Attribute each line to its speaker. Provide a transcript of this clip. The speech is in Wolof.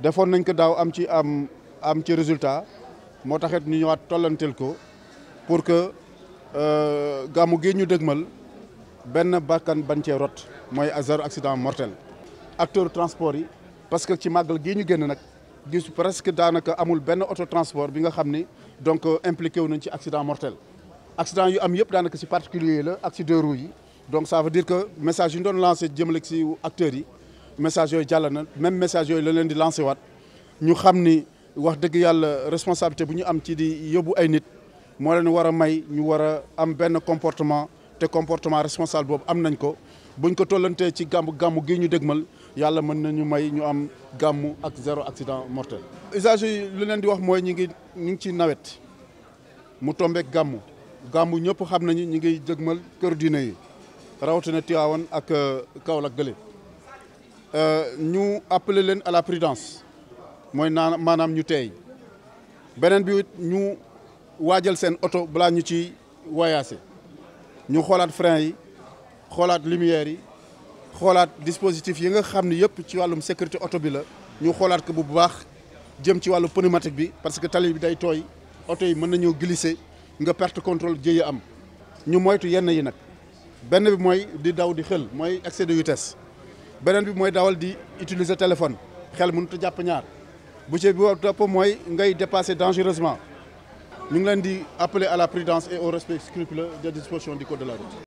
Speaker 1: defoon nañ ko daaw am ci am am ci résultat moo taxit ñu ñëwaat tollanteel ko pour que euh, gàmmu gi ñu dëgmal benn bakkan bañ cee rot mooy zéro accident mortel. acteur transport yi parce que ci màggal gii ñu génn nag gis presque daanaka amul benn auto transport bi nga xam ni donc euh, impliqué wu nañ ci accident mortel. accident yu am yëpp daanaka si particulier la ak si deux roues yi donc ça veut dire que message yu ñu doon lancé jëmale si acteurs yi. message yooyu jàll na même message yooyu la leen di lancé waat ñu xam ni wax dëgg yàlla responsabilité bu ñu am ci di yóbbu ay nit moo leen war a may ñu war a am benn comportement te comportement responsable boobu am nañ ko buñ ko tollantee ci gàmm gàmm gi ñu dégmal yàlla mën ñu may ñu am gàmm ak zéro accident mortel. usagers yi lu di wax mooy ñu ngi ñu ngi ci nawet mu tombeek gàmm gàmm ñëpp xam nañu ñu ngi dégmal kër diine yi rawatina Tivaouane ak euh, Kaolack gële Euh, ñu appeler leen à la prudence mooy naan maanaam ñu teey beneen bi ñu waajal seen oto balaa ñu ci wayaase ñu xoolaat frein yi xoolaat lumière yi xoolaat dispositif yi nga xam ni yëpp ci wàllum sécurité oto bi la ñu xoolaat ko bu baax jëm ci wàllu pneumatique bi parce que tali bi day tooy oto yi mën nañoo glisser nga perte contrôle jéeya am ñu moytu yenn yi nag benn bi mooy di daw di xël mooy excès de vitesse beneen bi mooy dawal di utiliser téléphone xel mënut a jàpp ñaar bu ci bi dopp mooy ngay dépasser dangereusement ñu ngi leen di appeler à la prudence et au respect scrupuleux des dispositions du code de la route